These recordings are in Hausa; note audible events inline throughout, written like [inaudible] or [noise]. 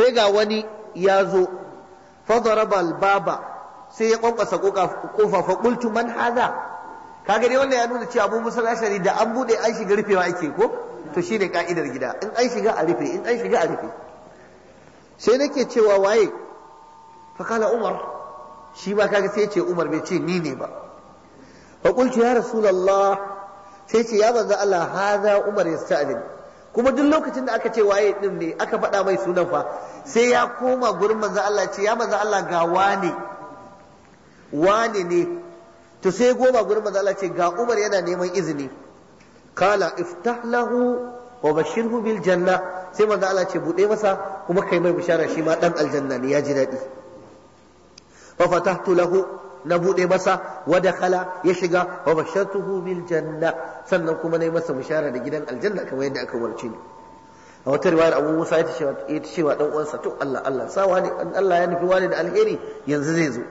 sai ga wani ya zo fadarabal albaba sai ya kwankwasa kofa fa man haza kaga dai wannan ya nuna cewa Abu Musa Ashari da an bude an shiga ma ake ko to shine ka'idar gida in an shiga a rufe in an shiga a rufe sai nake cewa waye fa kala Umar shi ba kaga sai ya ce Umar bai ce ni ne ba fa qultu ya Rasulullah sai ce ya banza Allah haza Umar yasta'din kuma duk lokacin da aka ce waye din ne aka faɗa mai sunan fa sai ya koma gurin manzo Allah ce ya manzo Allah ga wane wane ne to sai goma gurin manzo Allah ce ga Umar yana neman izini kala iftah lahu wa bashirhu bil janna sai manzo Allah ce bude masa kuma kai mai bishara shi ma dan aljanna ne ya ji daɗi fa fatahtu lahu na buɗe masa wa dakhala ya shiga wa bashartuhu bil janna sannan kuma nayi masa bishara da gidan aljanna kamar yadda aka umarci ni a wata riwayar Abu Musa ya ce ya ce wa dan uwansa to Allah Allah sa ne Allah ya nufi wani da alheri yanzu zai zo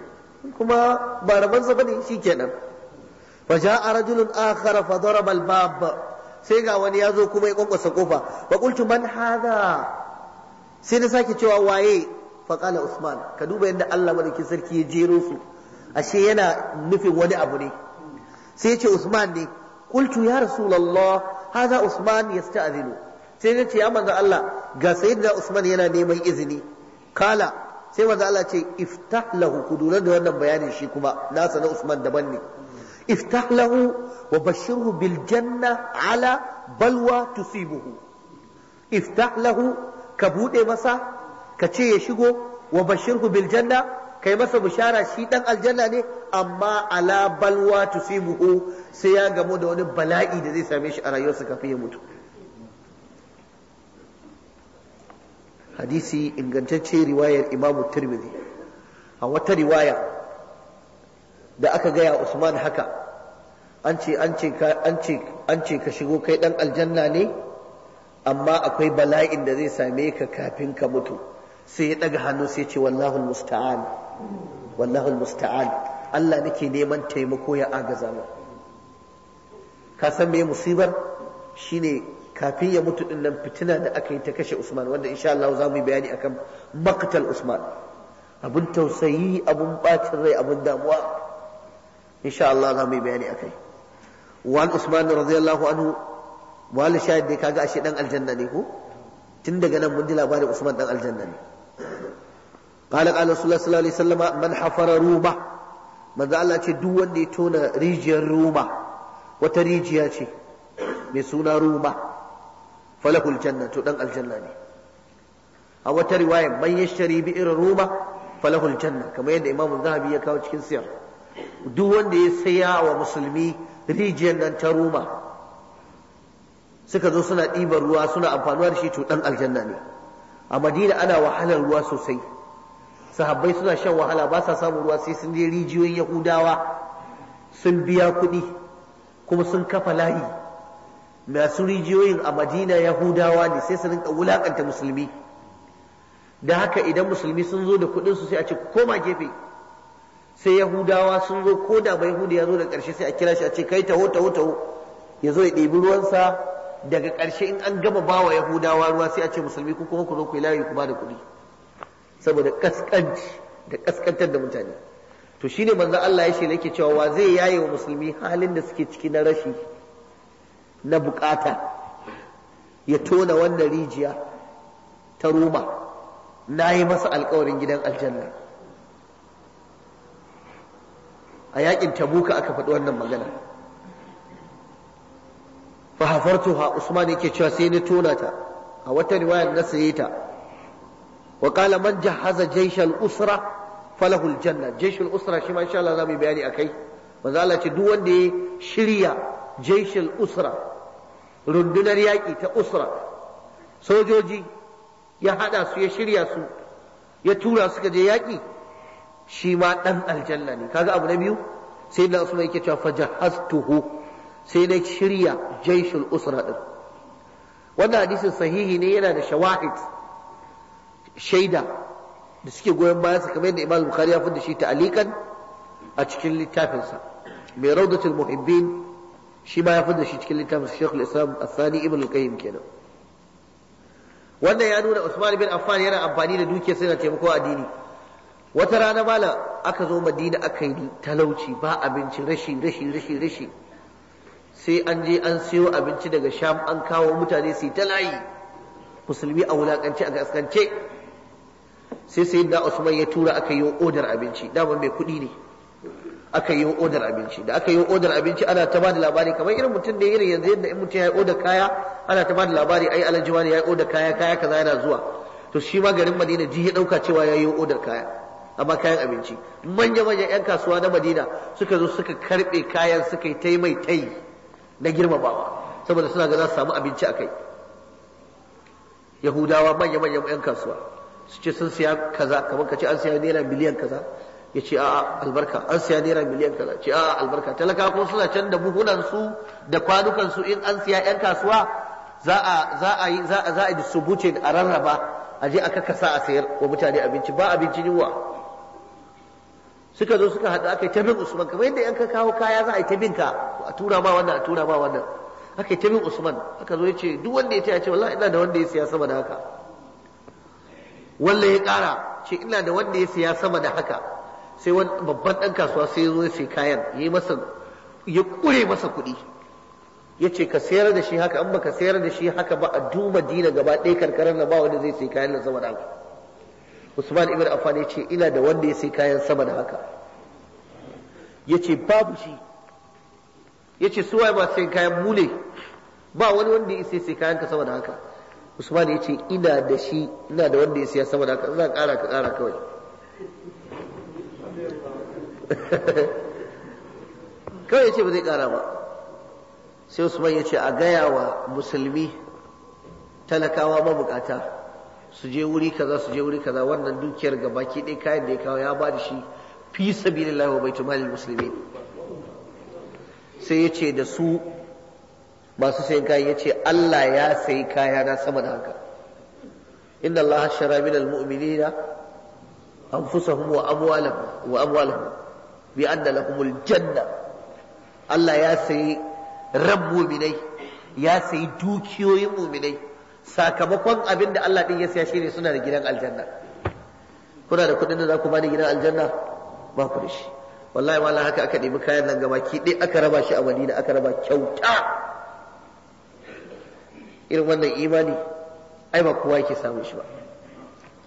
kuma ba raban sa bane shikenan fa ja'a rajulun akhar fa daraba al bab sai ga wani ya zo kuma ya kwankwasa kofa fa qultu man hadha sai na sake cewa waye fa qala usman ka duba yadda Allah madaukin sarki ya jero su ashe yana nufin wani abu ne sai ce Usman ne qultu ya rasulullah hadha Usman yasta'zinu sai ya ce ya manzo Allah ga sayyidina Usman yana neman izini kala sai manzo Allah ce iftah lahu ku lura da wannan bayanin shi kuma nasa na Usman daban ne iftah lahu wa bashirhu bil janna ala balwa tusibuhu iftah lahu ka bude masa ka ce ya shigo wa bashirhu bil janna kai masa bishara shi dan aljanna ne amma ala balwa tusibuhu sai ya gamu da wani bala'i da zai same shi a rayuwarsa kafin ya mutu hadisi ingantacce riwayar imamu tirmidhi a wata riwaya da aka gaya usman haka an ce an ce ka shigo kai dan aljanna ne amma akwai bala'in da zai same ka kafin ka mutu sai ya daga hannu sai ce wallahul musta'an wallahul musta'an Allah nake neman taimako ya agaza mu ka san me musibar shine kafin ya mutu din nan fitina da aka yi ta kashe Usman wanda insha Allah za mu yi bayani akan maqtal Usman abun tausayi abun bacin rai abun damuwa insha Allah za mu yi bayani akai wal Usman radiyallahu anhu wal shahid dai kaga ashe dan aljanna ne ko tun daga nan mun ji labarin Usman dan aljanna ne qala qala rasulullahi sallallahu alaihi wasallam man hafara ruba ce duk wanda ya tona rijiyar ruba wata rijiya ce mai suna ruba falakul janna to dan aljanna ne a wata riwaya man yashtari bi irin ruba falahul janna kamar yadda imamu zahabi ya kawo cikin siyar duk wanda ya saya wa musulmi rijiyar nan ta ruba suka zo suna ɗiban ruwa suna amfanuwa da shi to dan aljanna ne a madina ana wahalar ruwa sosai sahabbai suna shan wahala ba sa samun ruwa sai sun je rijiyoyin yahudawa sun biya kuɗi kuma sun kafa layi masu rijiyoyin a madina yahudawa ne sai su rinka wulakanta musulmi da haka idan musulmi sun zo da kuɗin su sai a ce koma gefe sai yahudawa sun zo ko da bai hudu ya zo da ƙarshe sai a kira shi a ce kai taho taho taho ya zo ya ɗebi ruwansa daga ƙarshe in an gama bawa yahudawa ruwa sai a ce musulmi ku kuma ku zo ku yi layi ku ba da kuɗi saboda kaskanci da kaskantar da mutane to shine manzo Allah ya shela yake cewa wa zai yaye wa musulmi halin da suke ciki na rashi na bukata ya tona wannan rijiya ta roma na yi masa alkawarin gidan aljanna a yakin tabuka aka faɗi wannan magana fa hafartuha usman yake cewa sai ni tona ta a wata riwayar na sayi ta وقال من جهز جيش الأسرة فله الجنة usra الأسرة شما إن شاء الله زامي بياني أكي وذالا تدوان دي rundunar yaƙi ta usra sojoji ya haɗa su ya shirya su ya tura suka je yaƙi shi ma ɗan aljanna ne kaga abu na biyu sai da usman yake cewa fajahastuhu sai na shirya jaishul usra ɗin. wannan hadisin sahihi ne yana da shawahid shaida da suke goyon bayan sa kamar yadda Imam Bukhari ya fada shi ta'alikan a cikin littafinsa mai raudatul muhibbin shi ma ya fada shi cikin littafin sa Sheikhul Islam Asani Ibn Al-Qayyim kenan wannan ya nuna Usman bin Affan yana amfani da dukiya sai na taimako addini wata rana mala aka zo Madina aka yi talauci ba abinci rashi rashi rashi rashi sai an je an siyo abinci daga Sham an kawo mutane su yi ta layi musulmi a wulakance a gaskance sai sai da Usman ya tura aka yi odar abinci dama mai kuɗi ne aka yi odar abinci da aka yi odar abinci ana ta bada labari kamar irin mutum da irin yanzu yadda in mutum ya yi odar kaya ana ta bada labari ai alhaji wani ya yi odar kaya kaya kaza yana zuwa to shi ma garin Madina ji ya dauka cewa ya yi odar kaya amma kayan abinci manya manya yan kasuwa na Madina suka zo suka karbe kayan suka yi tai mai tai na girmamawa saboda suna ga za su samu abinci akai Yahudawa manya manya yan kasuwa su ce sun siya kaza kamar ka ce an siya naira miliyan kaza ya ce a'a albarka an siya naira miliyan kaza ce a'a albarka talaka ko suna can da buhunan su da kwanukan su in an siya yan kasuwa za a za a yi za a za a distribute a rarraba a je aka kasa a sayar wa mutane abinci ba abincin yunwa suka zo suka haɗu aka yi usman kamar yadda yan ka kawo kaya za a yi tabin ka a tura ma wannan a tura ma wannan aka yi ta usman aka zo ya ce duk wanda ya ya ce wallahi ina da wanda ya siya sama da haka walla ya ƙara ce ina da wanda ya siya sama da haka sai wani babban ɗan kasuwa sai ya zo ya sai kayan ya yi masa ya ƙure masa kuɗi ya ce ka sayar da shi haka in ka sayar da shi haka ba a duba dina gaba ɗaya karkarar na ba wanda zai sai kayan nan sama da haka usman ibn affan ya ce ina da wanda ya sai kayan sama da haka ya ce babu shi ya ce suwaye masu sai kayan mule ba wani wanda ya sai kayan ka sama da haka usman ya ce ina da shi ina da wanda ya siya sama da haka ina kara ka kara kawai [laughs] kawai ya ce ba zai kara ba sai usman ya ce a gaya wa musulmi talakawa mabukata su je wuri kaza su je wuri kaza wannan dukiyar ga baki ɗaya kayan da ya kawo ya ba da shi fi sabilillahi wa baitul malil muslimin sai ya ce da su masu sayan kayan ya ce Allah ya sayi kaya na sama da haka inda Allah shara min na anfusahum wa amwalahum wa amwalahum bi anna lahumul janna Allah ya sayi ran mu'minai ya sayi dukiyoyin mu'minai sakamakon abin da Allah din ya saya shine suna da gidan aljanna kuna da kuɗin da za ku bani gidan aljanna ba ku da shi wallahi wala haka aka nemi kayan nan gaba ki ɗaya aka raba shi a madina aka raba kyauta irin wannan imani ai ba kowa yake samun shi ba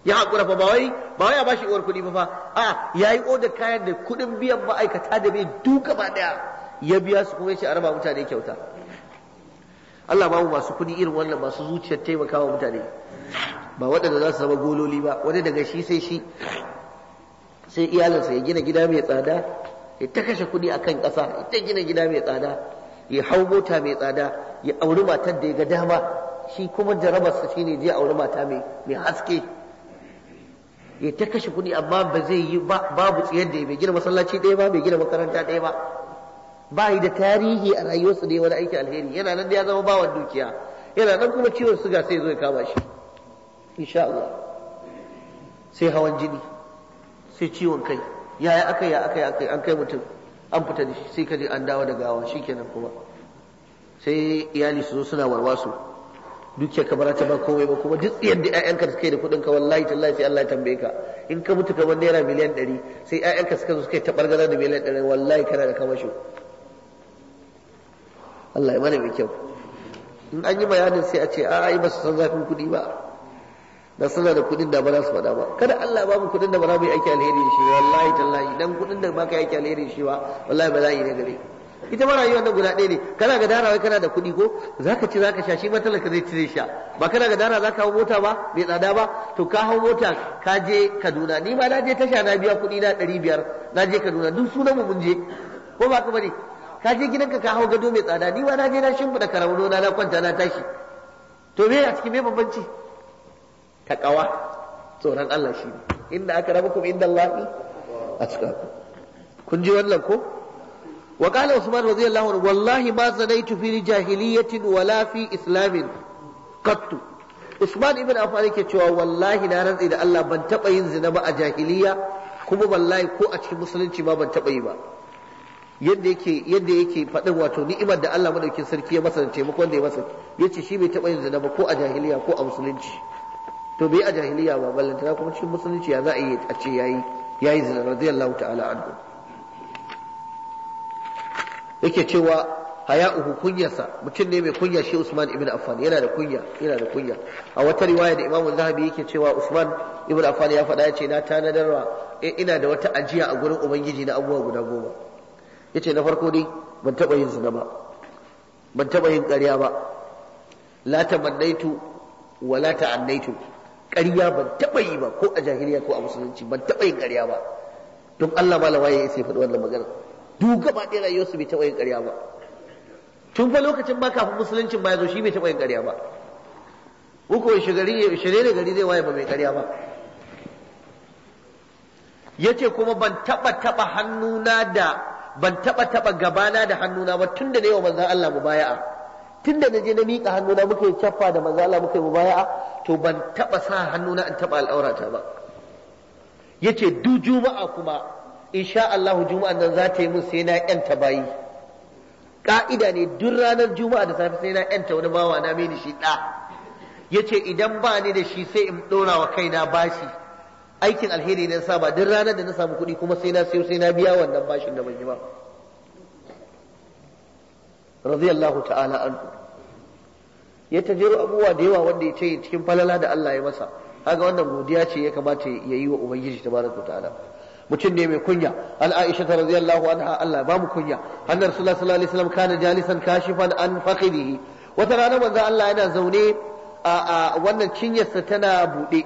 ya haƙura fa ba wai ba wai a bashi uwar kuɗi fa a yayi oda kayan da kuɗin biyan ma'aikata da bai duka ba daya ya biya su kuma yace a raba mutane kyauta Allah babu masu kuɗi irin wannan masu zuciyar taimakawa mutane ba waɗanda za su zama gololi ba wani daga shi sai shi sai iyalinsa ya gina gida mai tsada ya ta kashe kuɗi akan ƙasa ya ta gina gida mai tsada ya hau mota mai tsada ya auri matar da ya ga dama shi kuma jarabarsa shine je auri mata mai haske ya ta kashe kuɗi amma ba zai yi babu tsayar da ya mai gina masallaci ɗaya ba mai gina makaranta ɗaya ba ba yi da tarihi a rayuwarsa da wani aiki alheri yana nan da ya zama bawan dukiya yana nan kuma ciwon suga sai zo ya kama shi insha Allah sai hawan jini sai ciwon kai yaya aka yi aka yi aka an kai mutum an fita da shi sai kaje an dawo da gawa shikenan kuma sai iyali su zo suna warwaso dukiya ka bara ta ba komai ba kuma duk yadda ƴaƴanka suka yi da kuɗin ka wallahi tallahi sai Allah ya tambaye ka in ka mutu kamar naira miliyan ɗari sai ƴaƴanka suka zo suka yi tabargaza da miliyan ɗari wallahi kana da kamashi Allah ya mana mai kyau in an yi bayanin sai a ce a'a ba su san zafin kuɗi ba da suna da kuɗin da ba za su faɗa ba kada Allah ba mu kuɗin da ba za mu yi aiki alheri shi wallahi tallahi dan kuɗin da ba ka yi aiki alheri shi ba wallahi ba za yi ne gare ita ma rayuwa nan guda ɗaya ne kana ga dara kana da kuɗi ko zaka ci zaka sha shi ma talaka zai cire sha ba kana ga dara zaka hau mota ba bai tsada ba to ka hau mota ka je Kaduna ni ma na je tasha na biya kuɗi na ɗari biyar na je Kaduna duk sunan mu mun je ko ba ka bari ka je gidanka ka hau gado mai tsada ni ma na je na shimfiɗa karamu na na kwanta na tashi to me a cikin me bambanci Ka kawa tsoron Allah shi inda aka raba kuma inda Allah a cika kun ji wannan ko wa qala usman radiyallahu anhu wallahi ma zanaitu fi jahiliyatin wala fi islamin qattu usman ibn affan yake cewa wallahi na rantsi da Allah ban taba yin zina ba a jahiliya kuma wallahi ko a cikin musulunci ma ban taba yi ba yadda yake yadda yake faɗin wato ni'imar da Allah madaukin sarki ya masa da taimakon da ya masa yace shi bai taɓa yin zina ba ko a jahiliya ko a musulunci to bai a jahiliya ba ballantana kuma cikin musulunci ya za a yi a ce yayi yayi zina radiyallahu ta'ala anhu yake cewa haya'uhu kunyarsa mutum ne mai kunya shi Usman ibn Affan yana da kunya yana da kunya a wata riwaya da Imam Zahabi yake cewa Usman ibn Affan ya faɗa yace na tanadarwa eh, ina da wata ajiya a gurin ubangiji na abubuwa guda goma yace na farko dai ban taba yin zina ba ban taba yin ƙarya ba la tamannaitu wa la ta'annaitu ƙarya ban taɓa yi ba ko a jahiliya ko a musulunci ban taɓa yin ƙarya ba don Allah malama ya sai faɗi wannan magana duk gaba ɗaya su bai taɓa yin ƙarya ba tun fa lokacin ba kafin musuluncin ba ya zo shi bai taɓa yin ƙarya ba uku shigari shire da gari zai waye ba mai ƙarya ba yace kuma ban taɓa taɓa hannuna da ban taɓa taɓa gabana da hannuna ba tun da ne wa manzon Allah mubaya'a tun da je na miƙa hannuna muka yi da manzo Allah muka yi mubaya'a to ban taba sa hannuna in taba al'aurata ba yace duk juma'a kuma insha Allah juma'an nan za ta yi mun sai na yanta bayi ka'ida ne duk ranar juma'a da safe sai na yanta wani bawa na mai shi da yace idan ba ni da shi sai in dora wa kaina bashi aikin alheri ne na saba duk ranar da na samu kuɗi kuma sai na sayo sai na biya wannan bashin da ban yi ba radiyallahu ta'ala anhu ya tajiro abubuwa da yawa wanda ya ce cikin falala da Allah ya masa haka wannan godiya ce ya kamata ya yi wa ubangiji tabaraka ta'ala mutum ne mai kunya an aisha ta radiyallahu anha Allah ba mu kunya annar sallallahu alaihi wasallam kana jalisan kashifan an faqidihi wata rana manzo Allah yana zaune a wannan cinyarsa tana buɗe.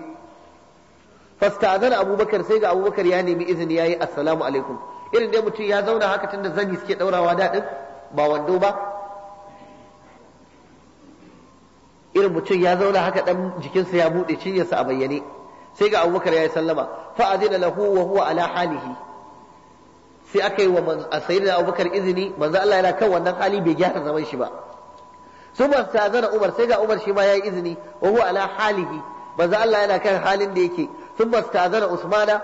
bude zan abubakar sai ga abubakar ya nemi izini yayi assalamu alaikum irin dai mutum ya zauna haka tunda zani suke daurawa dadin ba wando ba irin mutum ya zauna haka dan jikinsa ya buɗe cinyarsa a bayyane sai ga abubakar ya yi sallama fa'adina lahu wa huwa ala halihi sai aka yi wa sayyidina abubakar izini manzo Allah yana kan wannan hali bai gyara zaman shi ba sun ba ta zana umar sai ga umar shi ma ya yi izini wa huwa ala halihi manzo Allah yana kan halin da yake sun ba ta zana usmana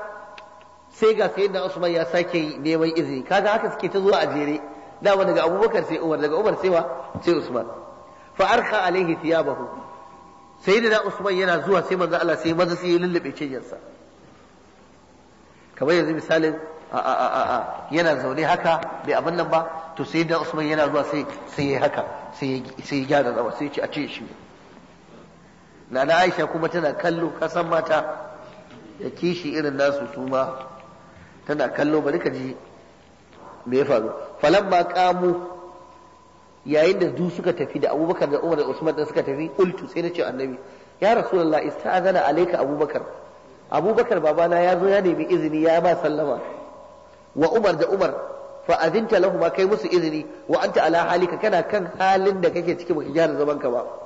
sai ga sayyidina usman ya sake neman izini kaga haka suke ta zuwa a jere dama daga abubakar sai umar daga umar sai wa sai usman fa arka alaihi thiyabahu sayyidina usman yana zuwa sai manzo Allah sai maza sai ya lullube cinyarsa kamar yanzu misalin a a a a yana zaune haka bai abin nan ba to sayyidina usman yana zuwa sai sai yayi haka sai sai ya gyara zawa sai ya a ce shi nana Aisha kuma tana kallo kasan mata da kishi irin nasu su ma tana kallo bari ka ji me ya faru falamma qamu yayin da du suka tafi da abubakar da umar da usman da suka tafi ultu sai na ce annabi ya rasulullah ista'azana alayka abubakar abubakar babana ya zo ya nemi izini ya ba sallama wa umar da umar fa azinta kai musu izini wa anta ala halika kana kan halin da kake ciki baka gyara zaman ka ba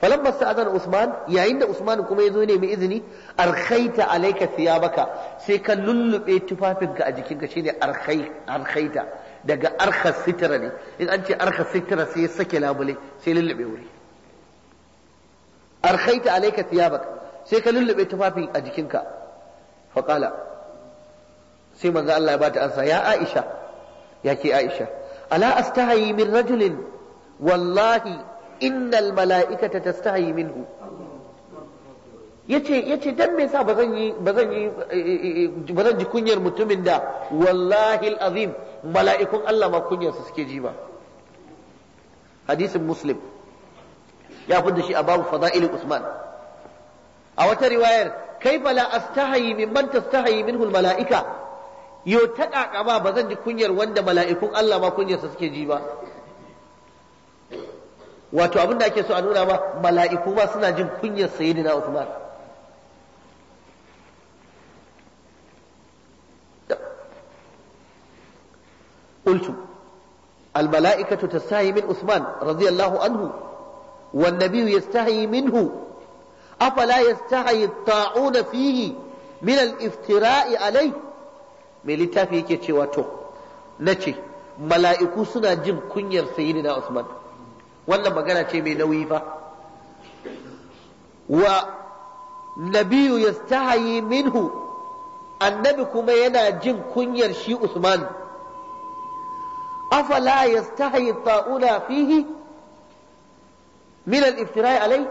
falamma sta'azan usman yayin da usman kuma yazo ne mai izini arkhaita alayka thiyabaka sai ka lullube tufafinka a jikinka shine arkhai arkhaita daga arkhas sitra ne in an ce arkhas sitra sai sake labule sai lullube wuri arkhaita alayka thiyabaka sai ka lullube tufafin a jikinka fa qala sai manzo Allah ya bata asa, ya Aisha yake Aisha ala astahi min rajulin wallahi innal mala'ikata tastahi minhu yace yace dan me yasa bazan yi bazan yi eh, bazan ji kunyar mutumin da wallahi alazim mala'ikun Allah ma kunyar su suke ji ba hadisin muslim ya fudda shi a babu fada'il usman a wata riwayar kaifa la astahi mimman tastahi minhu almala'ika yo ta kakaba zan ji kunyar wanda mala'ikun Allah ma kunyar su suke ji ba wato abin da ake so a nuna ma mala'iku ma suna jin kunyar sayyidina na Uthman qultu al-mala'ikatu tastahi min Uthman radiyallahu anhu wan nabiyyu yastahi minhu afala yastahi at-ta'un fihi min al-iftira'i alai. Mai littafi yake cewa to ce mala'iku suna jin kunyar sayyidina na Uthman wannan magana ce mai nauyi fa wa nabiyu yastahayi minhu annabi kuma yana jin kunyar shi usman afala yastahayi ta'una fihi min al-iftira'i alai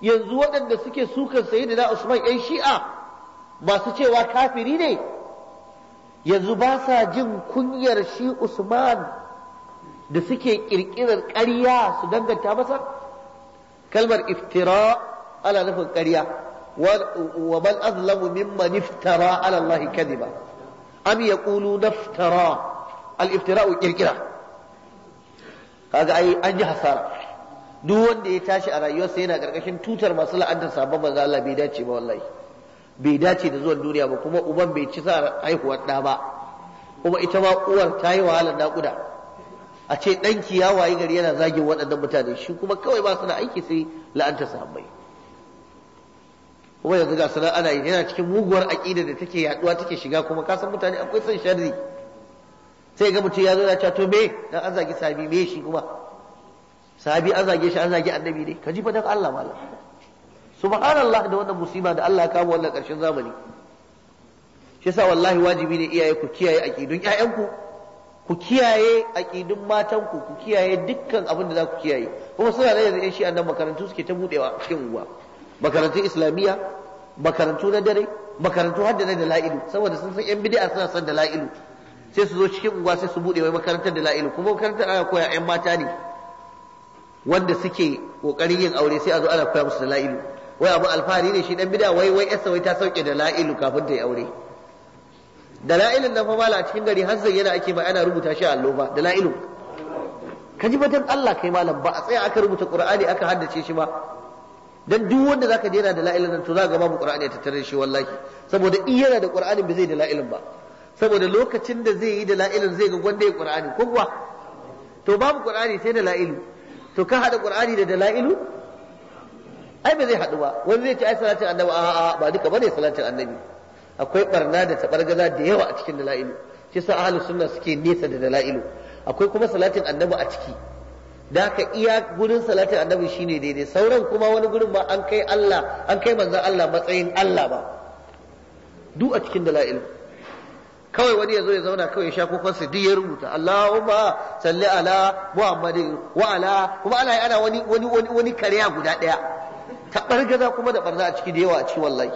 yanzu waɗanda suke sukan sayyidina usman yan shi'a masu cewa kafiri ne yanzu ba sa jin kunyar shi usman da suke ƙirƙirar ƙarya su danganta masa kalmar iftira ana nufin ƙarya wa man azlamu mimman iftara ala Allah kadhiba am yaqulu naftara al iftira'u kirkira kaga ai an ji hasara duk wanda ya tashi a rayuwarsa yana karkashin tutar masu la'antar sabon manzo Allah bai dace ba wallahi bai dace da zuwan duniya ba kuma uban bai ci sa haihuwar ɗa ba kuma ita ma uwar ta yi wahalar naƙuda a ce ɗanki ya wayi gari yana zagin waɗannan mutane shi kuma kawai ba su da aiki sai la'anta sahabbai kuma yanzu ga sanar ana yi yana cikin muguwar aƙida da take yaduwa take shiga kuma kasan mutane akwai son sharri sai ga mutum ya zo ya to me dan an zagi sahabi me shi kuma sahabi an zage shi an zage annabi ne ka ji fadan Allah malam subhanallah da wannan musiba da Allah ya kawo wannan ƙarshen zamani shi yasa wallahi wajibi ne iyaye ku kiyaye aƙidun ƴaƴanku ku kiyaye aƙidun matanku ku kiyaye dukkan abin da za ku kiyaye kuma suna da yanzu shi nan makarantu suke ta budewa cikin uwa makarantun islamiyya makarantu na dare makarantu har da na dala'ilu saboda sun san yan bid'a suna son dala'ilu sai su zo cikin uwa sai su bude wai makarantar dala'ilu kuma makarantar ana koya yan mata ne wanda suke kokarin yin aure sai a zo ana koya musu la'ilu, wai abu alfahari ne shi dan bid'a wai wai yasa wai ta sauke dala'ilu kafin ta yi aure dalailin nan fa mala a cikin gari har zayyana ake ba ana rubuta shi a allo ba dalailu ka ji batan Allah kai malam ba a tsaya aka rubuta qur'ani aka haddace shi ba dan duk wanda zaka je yana la'ilin nan to zaka babu qur'ani tattare shi wallahi saboda in yana da qur'anin ba zai da la'ilin ba saboda lokacin da zai yi da la'ilin zai ga gwanda ya qur'ani ko kuwa to babu qur'ani sai da dalailu to ka hada qur'ani da dalailu ai ba zai hadu ba wani zai ce ai salatin annabi a'a ba duka bane salatin annabi akwai barna da tabargaza da yawa a cikin dala'ilu shi sa ahlus sunna suke nesa da dala'ilu akwai kuma salatin annabi a ciki da ka iya gurin salatin annabi shine daidai sauran kuma wani gurin ba an kai Allah an kai manzon Allah matsayin Allah ba duk a cikin dala'ilu kawai wani ya ya zauna kawai ya sha sa duk ya rubuta Allahumma salli ala Muhammadin wa ala kuma Allah ana wani wani wani kariya guda daya tabargaza kuma da barna a ciki da yawa a ciki wallahi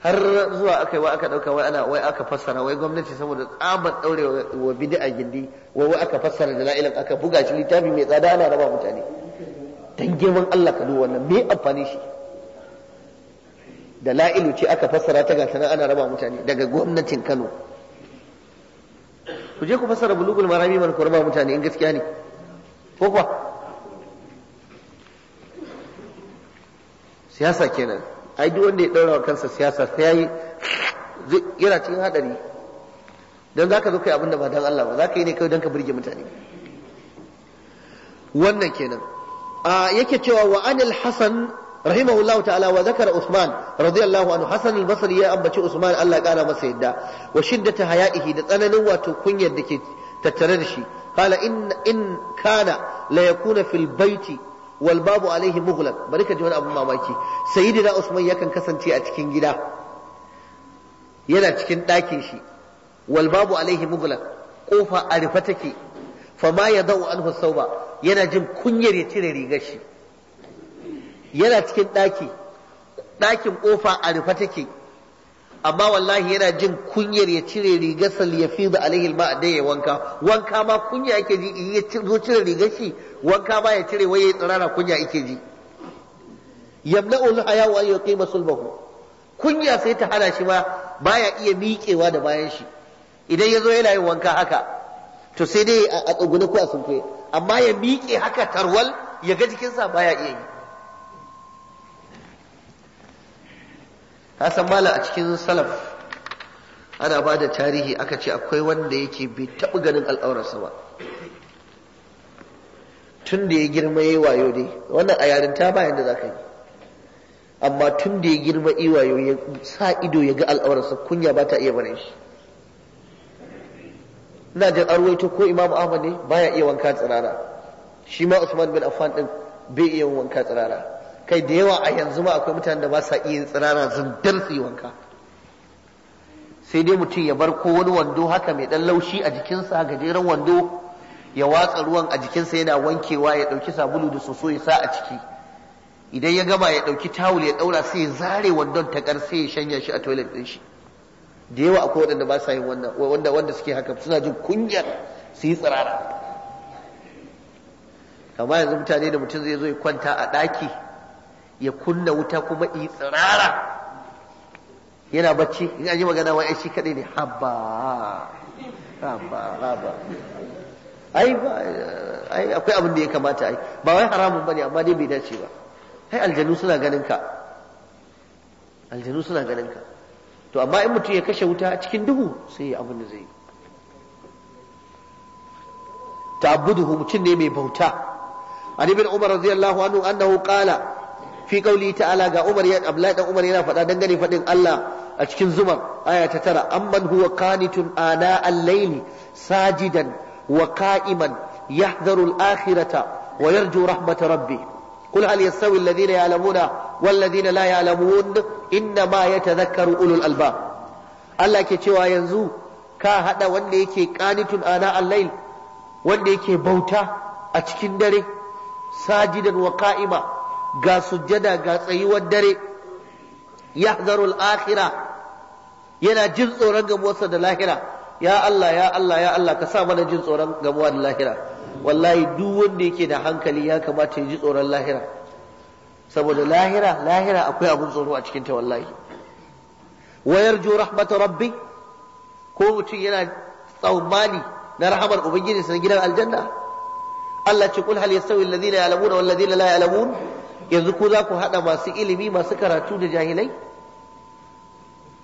har zuwa aka yi wa aka dauka wai ana wai aka fassara wai gwamnati saboda tsabar daure wa bid'a gindi wai wai aka fassara da la'ilan aka buga shi littafi mai tsada ana raba mutane dan girman Allah ka duba wannan me amfani shi da la'ilu ce aka fassara ta gata ana raba mutane daga gwamnatin Kano ku je ku fassara bulugul marami man ku raba mutane in gaskiya ne ko kuwa siyasa kenan ai wanda ya ɗaura wa kansa siyasa sai yayi yana cikin hadari dan zaka zo kai abin ba dan Allah ba zaka yi ne kai dan ka burge mutane wannan kenan a yake cewa wa anil hasan rahimahullahu ta'ala wa ra usman radiyallahu anhu hasan al-basri ya ambaci usman Allah kara masa yadda wa shiddata haya'ihi da tsananin wato kunyar da ke tattare da shi qala in in kana la yakuna fil baiti wal babu alaihi mughlaq bari ka ji wani abu mamaki sayyidina usman ya kan kasance a cikin gida yana cikin ɗakin shi wal babu alaihi mughlaq kofa a rufe take fa ma ya yadau anhu sauba yana jin kunyar ya cire rigar shi yana cikin ɗaki ɗakin kofa a rufe take amma wallahi yana jin kunyar ya cire rigarsa ya fi da alaihi ma dai ya wanka wanka ma kunya yake ji in ya zo cire rigar shi wanka ma ya cire wai ya tsirara kunya yake ji yamna'ul haya wa yuqima sulbahu kunya sai ta hana shi ma baya iya miƙewa da bayan shi idan ya zo yana yin wanka haka to sai dai a tsugune ko a sunfe amma ya miƙe haka tarwal ya ga jikinsa baya iya yi Na san mala a cikin salaf ana ba da tarihi aka ce akwai wanda yake bai taɓa ganin al'aurarsa ba tun da ya girma ya wayo dai wannan a yarin ta bayan da za ka yi amma tun da ya girma ya wayo ya sa ido ya ga al'aurarsa kunya ba ta iya barin shi ina jin arwaito ko imamu ahmad ne baya iya wanka tsirara shi ma usman bin affan ɗin bai iya wanka tsirara kai da yawa a yanzu ma akwai mutanen da ba sa iya tsirara zindar su wanka sai dai mutum ya bar ko wani wando haka mai dan laushi a jikinsa gajeren wando ya watsa ruwan a jikinsa yana wankewa ya ɗauki sabulu da soso ya sa a ciki idan ya gama ya ɗauki tawul ya ɗaura sai ya zare wandon ta ƙar sai ya shanya shi a toilet ɗin shi da yawa akwai waɗanda ba sa yin wannan wanda wanda suke haka suna jin kunyar su yi tsirara Kamar yanzu mutane da mutum zai zo ya kwanta a ɗaki ya kunna wuta kuma yi tsirara yana bacci in an yi magana ya shi kadai ne habba habba habba ai ai akwai abin da ya kamata ai ba wai haramun bane amma dai bai dace ba kai aljanu suna ganin ka aljanu suna ganin ka to amma in mutum ya kashe wuta cikin duhu sai ya abin da zai yi ta'buduhu mutum ne mai bauta an bin umar radiyallahu anhu annahu qala fi qauli ta'ala ga Umar ya Abdullahi dan Umar yana faɗa dangane faɗin Allah a cikin zumar aya ta tara amman huwa qanitun ana al-layli sajidan wa qa'iman yahdharu al-akhirata wa yarju rahmat rabbih قل هل يستوي الذين يعلمون والذين لا يعلمون إنما يتذكر أولو الألباب الله كتوا ينزو كهذا وندي كي قانت آناء الليل وندي كي بوتا أتكندري ساجدا وقائما ga sujjada ga tsayuwar dare yahzarul akhira yana jin tsoron gamuwarsa da lahira ya Allah ya Allah ya Allah ka sa mana jin tsoron gamuwa da lahira wallahi duk wanda yake da hankali ya kamata ya ji tsoron lahira saboda lahira lahira akwai abun tsoro a cikinta wallahi wayar jo rahmata rabbi ko mutum yana tsammani na rahamar ubangiji sa gidan aljanna Allah ce kul hal yastawi alladhina ya'lamuna wal ladina la ya'lamun yanzu ko za ku haɗa masu ilimi masu karatu da jahilai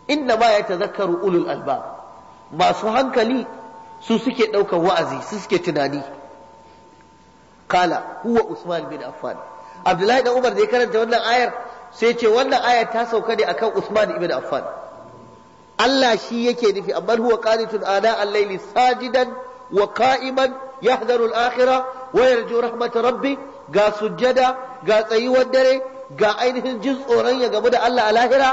inna ma ya tazakkaru ulul alba, masu hankali su suke ɗaukar wa'azi su suke tunani kala huwa usman bin affan abdullahi da umar zai ya karanta wannan ayar sai ce wannan ayar ta sauka ne akan usman ibn affan Allah shi yake nufi amma huwa qanitun ana al-layli sajidan wa qa'iman yahdharu al-akhirah wa yarju rahmat rabbi ga sujjada ga tsayuwar dare ga ainihin jin tsoron ya gamu da Allah a lahira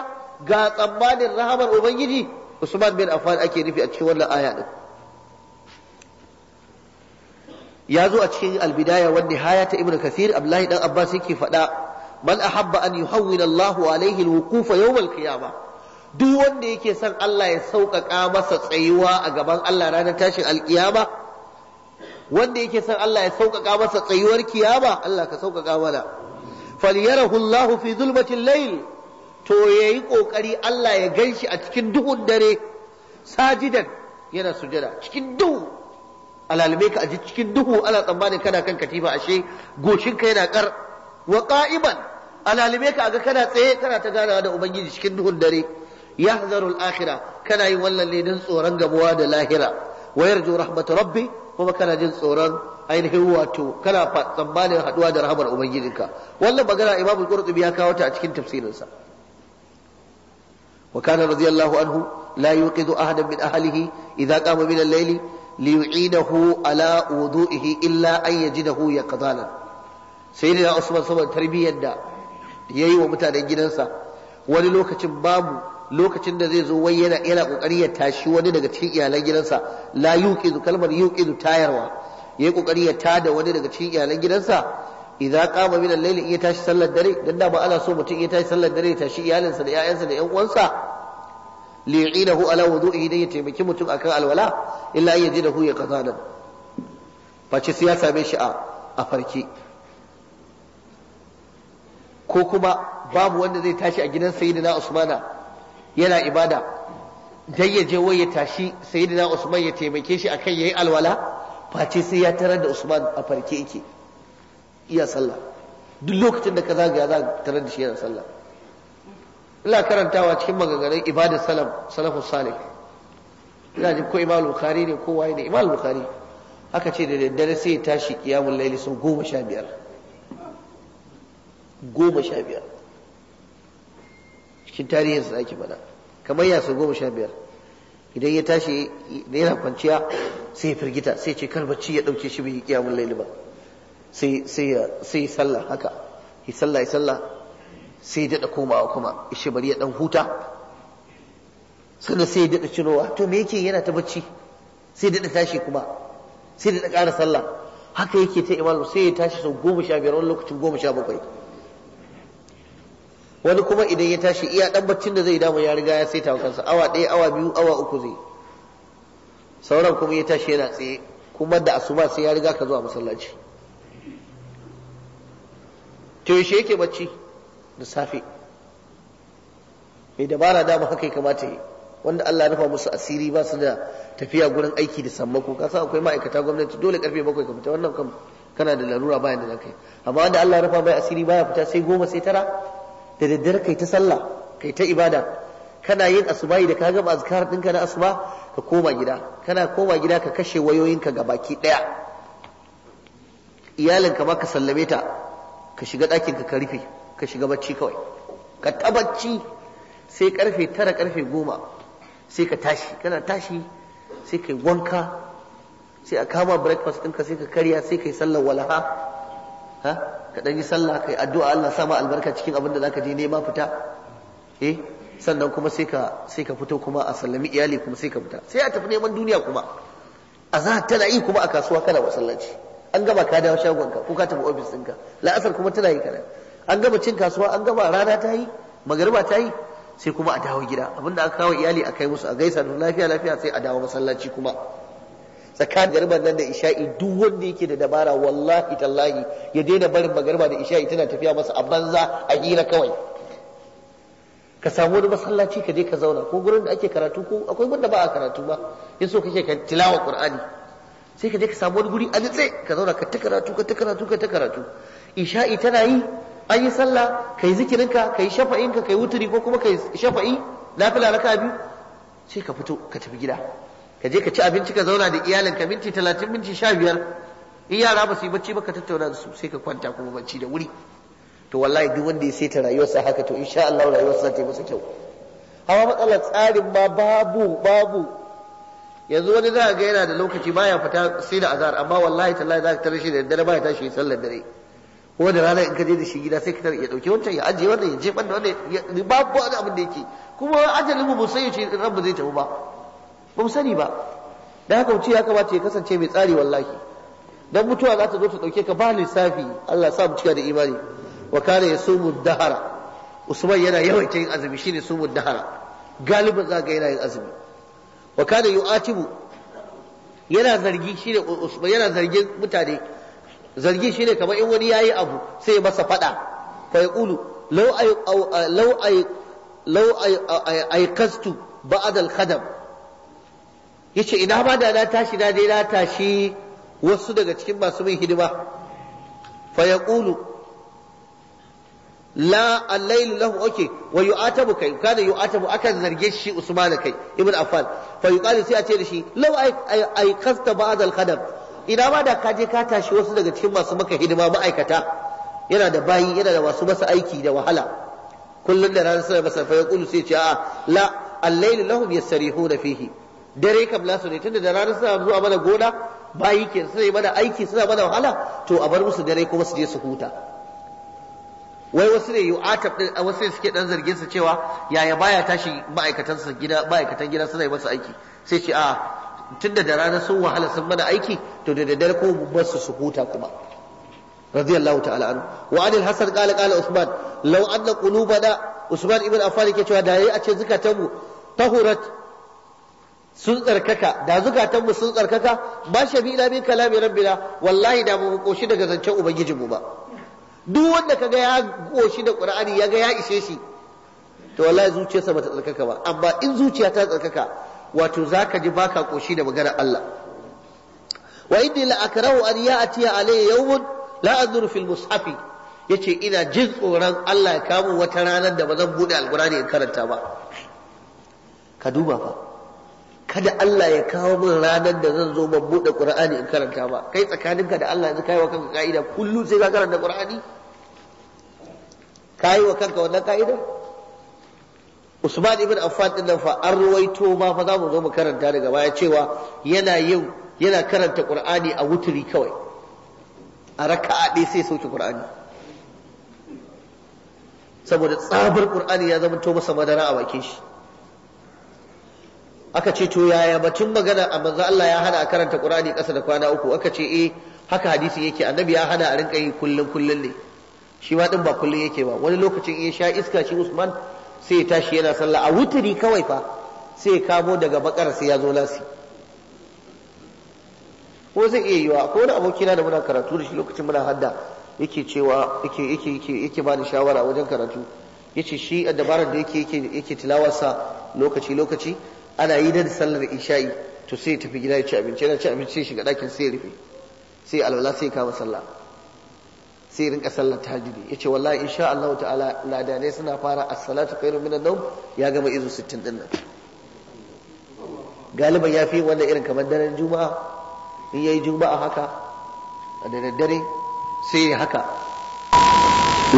ga tsammanin rahamar ubangiji Usman bin Affan ake nufi a cikin wannan aya din ya zo a cikin albidaya wa haya ta ibnu kathir abdullahi dan abbas yake faɗa man ahabba an yuhawwila Allah alaihi alwuqufa yawm alqiyama duk wanda yake son Allah ya sauƙaƙa masa tsayuwa a gaban Allah ranar tashin alkiyama wanda yake son Allah ya sauƙaƙa masa tsayuwar kiyama Allah ka sauƙaƙa mana falyarahu Allah fi zulmatil layl to yayi kokari Allah ya ganshi a cikin duhun dare sajidan yana sujada cikin duhu alalme ka aji cikin duhu ana tsammanin kana kan katifa ashe ka yana kar wa qa'iman alalme ka aga kana tsaye kana ta ganawa da ubangiji cikin duhun dare yahzarul al-akhirah kana yin wannan ne don tsoron gabuwa da lahira wa yarju rahmatu rabbi kuma kana jin tsoron ainihin wato kana tsammanin haduwa da rahamar ubangijinka wannan magana imamul qurtubi ya kawo ta a cikin tafsirinsa wa kana radiyallahu anhu la yuqidu ahadan min ahlihi idza qama min al-layli liyu'idahu ala wudu'ihi illa an yajidahu yaqdalan sayyidina usman saboda tarbiyyar da yayi wa mutanen gidansa wani lokacin babu lokacin da zai zo wai yana yana kokari ya tashi wani daga cikin iyalan gidansa la yuqizu kalmar yuqizu tayarwa yayi kokari ya tada wani daga cikin iyalan gidansa idza qama min al-layl ya tashi sallar dare dan da ba ana so mutum ya tashi sallar dare ya tashi iyalansa da ƴaƴansa da ƴan uwansa li'inahu ala wudu'ihi dai ya taimaki mutum akan alwala illa da hu ya qazanan face sai ya same shi a farki. ko kuma babu wanda zai tashi a gidan sayyidina usmana yana ibada dai ya je wai ya tashi sayyidina Usman ya taimake shi akan yayi alwala face sai ya tarar da Usman a farke yake iya sallah duk lokacin da ka zaga ya zaga tarar da shi yana sallah ina karantawa cikin maganganun ibada salaf salafus salih ina jin ko imam bukhari ne ko waye ne imam bukhari aka ce da daddare sai ya tashi qiyamul layli sun goma sha biyar goma sha biyar cikin tarihinsa ake faɗa kamar ya sau goma sha biyar idan ya tashi da yana kwanciya sai ya firgita sai ce kar bacci ya ɗauke shi bai kiyamun laili ba sai sai sallah haka ya sallah ya sallah sai daɗa komawa kuma ishe bari ya ɗan huta sannan sai ya daɗa cirowa to me yake yana ta bacci sai daɗa tashi kuma sai daɗa ƙara sallah haka yake ta imalu sai ya tashi sau goma sha biyar wani lokacin goma sha bakwai wani kuma idan ya tashi iya dan baccin da zai damu ya riga ya saita kansa awa ɗaya awa biyu awa uku zai sauran kuma ya tashi yana tsaye kuma da asuba sai ya riga ka zuwa masallaci to yaushe yake bacci da safe mai dabara dama haka ya kamata yi wanda Allah nufa musu asiri ba su da tafiya gurin aiki da sammako ka san akwai ma'aikata gwamnati dole karfe bakwai ka fita wannan kam kana da larura bayan da zaka yi amma wanda Allah nufa bai asiri baya fita sai goma sai tara da daddare kai ta sallah kai ta ibada kana yin asubahi da ka gama azkar ɗinka na asuba ka koma gida kana koma gida ka kashe wayoyinka ga baki ɗaya iyalinka ma ka sallame ta ka shiga ɗakinka ka rufe ka shiga bacci kawai ka tabacci sai karfe tara karfe goma sai ka tashi kana tashi sai kai wanka sai a kama breakfast ɗinka sai ka karya sai kai sallar walaha ha ka dan yi sallah kai addu'a Allah sama albarka cikin abin da zaka je nema fita eh sannan kuma sai ka sai ka fito kuma a sallami iyali kuma sai ka fita sai a tafi neman duniya kuma a za na yi kuma a kasuwa kana masallaci an gama ka dawo shagonka ko ka tafi ofis ɗinka la'asar kuma tana yi kana an gama cin kasuwa an gama rana ta yi magariba ta yi sai kuma a dawo gida abinda aka kawo iyali a kai musu a gaisa da lafiya lafiya sai a dawo masallaci kuma tsakanin garban nan da isha'i duk wanda yake da dabara wallahi tallahi ya daina barin magarba da isha'i tana tafiya masa a banza a hira kawai ka samu wani masallaci ka je ka zauna ko gurin da ake karatu ko akwai wanda ba a karatu ba in so kake ka tilawa qur'ani sai ka je ka samu wani guri a nitse ka zauna ka ta karatu ka ta karatu ka ta karatu isha'i tana yi an yi sallah kai zikirinka kai shafa'inka kai wuturi ko kuma kai shafa'i nafila raka biyu sai ka fito ka tafi gida ka je ka ci abinci ka zauna da iyalinka minti talatin minti sha biyar in yara ba su yi bacci ba ka tattauna da su sai ka kwanta kuma bacci da wuri to wallahi duk wanda ya saita rayuwarsa haka to insha Allah rayuwarsa ta yi masa kyau hawa matsalar tsarin ma babu babu yanzu wani za ga yana da lokaci baya fita sai da azhar amma wallahi tallahi za ka tare shi da daddare baya tashi sallar dare ko da rana in ka je da shi gida sai ka ya dauke wancan ya ajiye wannan ya jefar da wannan babu wani abin da yake kuma ajalin mu sai ya ce rabbu zai tafi ba ba mu sani ba da haka mutum ya kamata ya kasance mai tsari wallahi dan mutuwa za ta zo ta dauke ka ba lissafi Allah sa mu cika da imani wa kana yasumu dahara usman yana yawan yin azumi shine sumu dahara galiban za ga yana yin azumi wa kana yu'atibu yana zargi shine usman yana zargin mutane zargi shine kamar in wani yayi abu sai ya masa fada fa yaqulu law ay law ay law ay ay kastu ba'd al khadam yace ina ma da na tashi na dai na tashi wasu daga cikin masu min hidima fa yaqulu la al-layl lahu okay wa yu'atabu kai kada yu'atabu akan zarge shi usman kai ibn affan fa yuqalu sai a ce da shi law ai kasta ba'd al-qadam ina ma da kaje ka tashi wasu daga cikin masu maka hidima ma'aikata yana da bayi yana da wasu masa aiki da wahala kullum da ranar suna masa fa yaqulu sai ce a la al-layl lahum na fihi dare kam nasu ne tunda da rana suna zuwa mana gona bayi ke suna mana aiki suna mana wahala to a bar musu dare kuma su je su huta wai wasu ne yu'atab din wasu suke dan zargin su cewa yaya baya tashi ma'aikatan su gida ma'aikatan gida suna yi masa aiki sai ce a tunda da rana sun wahala sun mana aiki to da dare ko bar su su huta kuma radiyallahu ta'ala anhu wa anil hasan qala qala usman law anna qulubana usman ibn affan yake cewa da yayi a ce zukatanmu tahurat sun tsarkaka da zukatanmu sun tsarkaka ba shi shabila bi kalami rabbina wallahi da mu koshi daga zancen mu ba duk wanda kaga ya koshi da qur'ani yaga ya ishe shi to wallahi zuciyarsa bata tsarkaka ba amma in zuciya ta tsarkaka wato zaka ji baka koshi da magana Allah wa inni la akrahu an ya'ti alayya yawmun la anzuru fil mushafi yace ina jin tsoron Allah ya kawo wata ranar da ba zan bude alqur'ani in karanta ba ka duba fa kada Allah ya kawo min ranar da zan zo ban buɗe Qur'ani in karanta ba kai tsakaninka da Allah yanzu kai wa kanka ka'ida kullum sai ka karanta Qur'ani kai wa kanka wannan ka'ida Usman ibn Affan din fa an ruwaito ma fa za mu zo mu karanta daga baya cewa yana yin yana karanta Qur'ani a wuturi kawai a raka'a ɗaya sai sauke Qur'ani saboda tsabar Qur'ani ya zama to masa madara a bakin shi aka ce to yaya batun magana a manzo Allah ya hana a karanta Qur'ani ƙasa da kwana uku aka ce eh haka hadisi yake annabi ya hana a rinka yi kullun kullun ne shi ma din ba kullun yake ba wani lokacin in sha iska shi Usman sai ya tashi yana sallah a wuturi kawai fa sai ya kamo daga bakar sai ya zo lasi ko zai iya yiwa ko wani abokina da muna karatu da shi lokacin muna hadda yake cewa yake yake yake yake bani shawara wajen karatu yace shi a dabarar da yake yake yake tilawarsa lokaci lokaci ana yi da sallar isha'i to sai tafi gida ya ci abinci yana ci abinci sai shiga ɗakin sai rufe sai alwala sai kama sallah sai rinka sallar tahajjudi yace wallahi insha Allah ta'ala ladane suna fara as-salatu khairu minan nawm ya gama izu 60 din nan galiban yafi fi wannan irin kamar daren juma'a in yayi juma'a haka a da daddare sai haka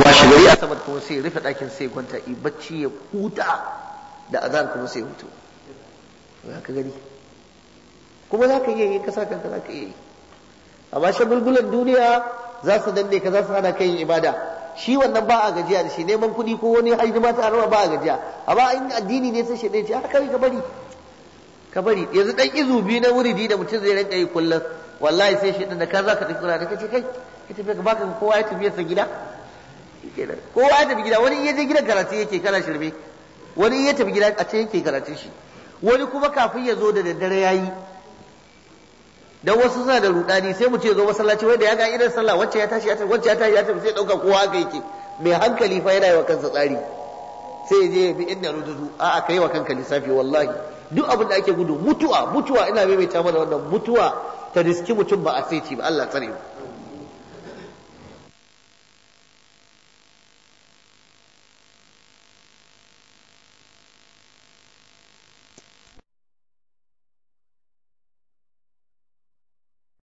washe gari asabar kuma sai rufe ɗakin sai kwanta i bacci ya huta da azan kuma sai hutu za ka gani kuma za ka iya yi kasa kanka za ka iya yi amma shagulgulan duniya za su danne ka za su hana kan yin ibada shi wannan ba a gajiya da shi neman kuɗi ko wani hidima ta arwa ba a gajiya amma in addini ne sai shaidan ce haka ah, ka bari ka bari yanzu dan izu biyu na wuridi da mutum zai rinka yi kullum wallahi sai shaidan da ka za ka tafi kurare ka ce kai ka tafi ka baka kowa ya tafi yasa gida kowa ya tafi gida wani ya je gidan karatu yake kana shirme wani ya tafi gida a ce yake karatu shi wani kuma kafin ya zo da daddare ya yi dan wasu suna da rudani sai mu ce zo masallaci wanda ya ga idan sallah wacce ya tashi ya wacce ya tashi ya tafi sai dauka kowa haka yake mai hankali fa yana yi wa kansa tsari sai ya je ya bi inda rududu a a kai wa kanka lissafi wallahi duk abin da ake gudu mutuwa mutuwa ina maimaita mana wannan mutuwa ta riski mutum ba a sai ci ba Allah tsare mu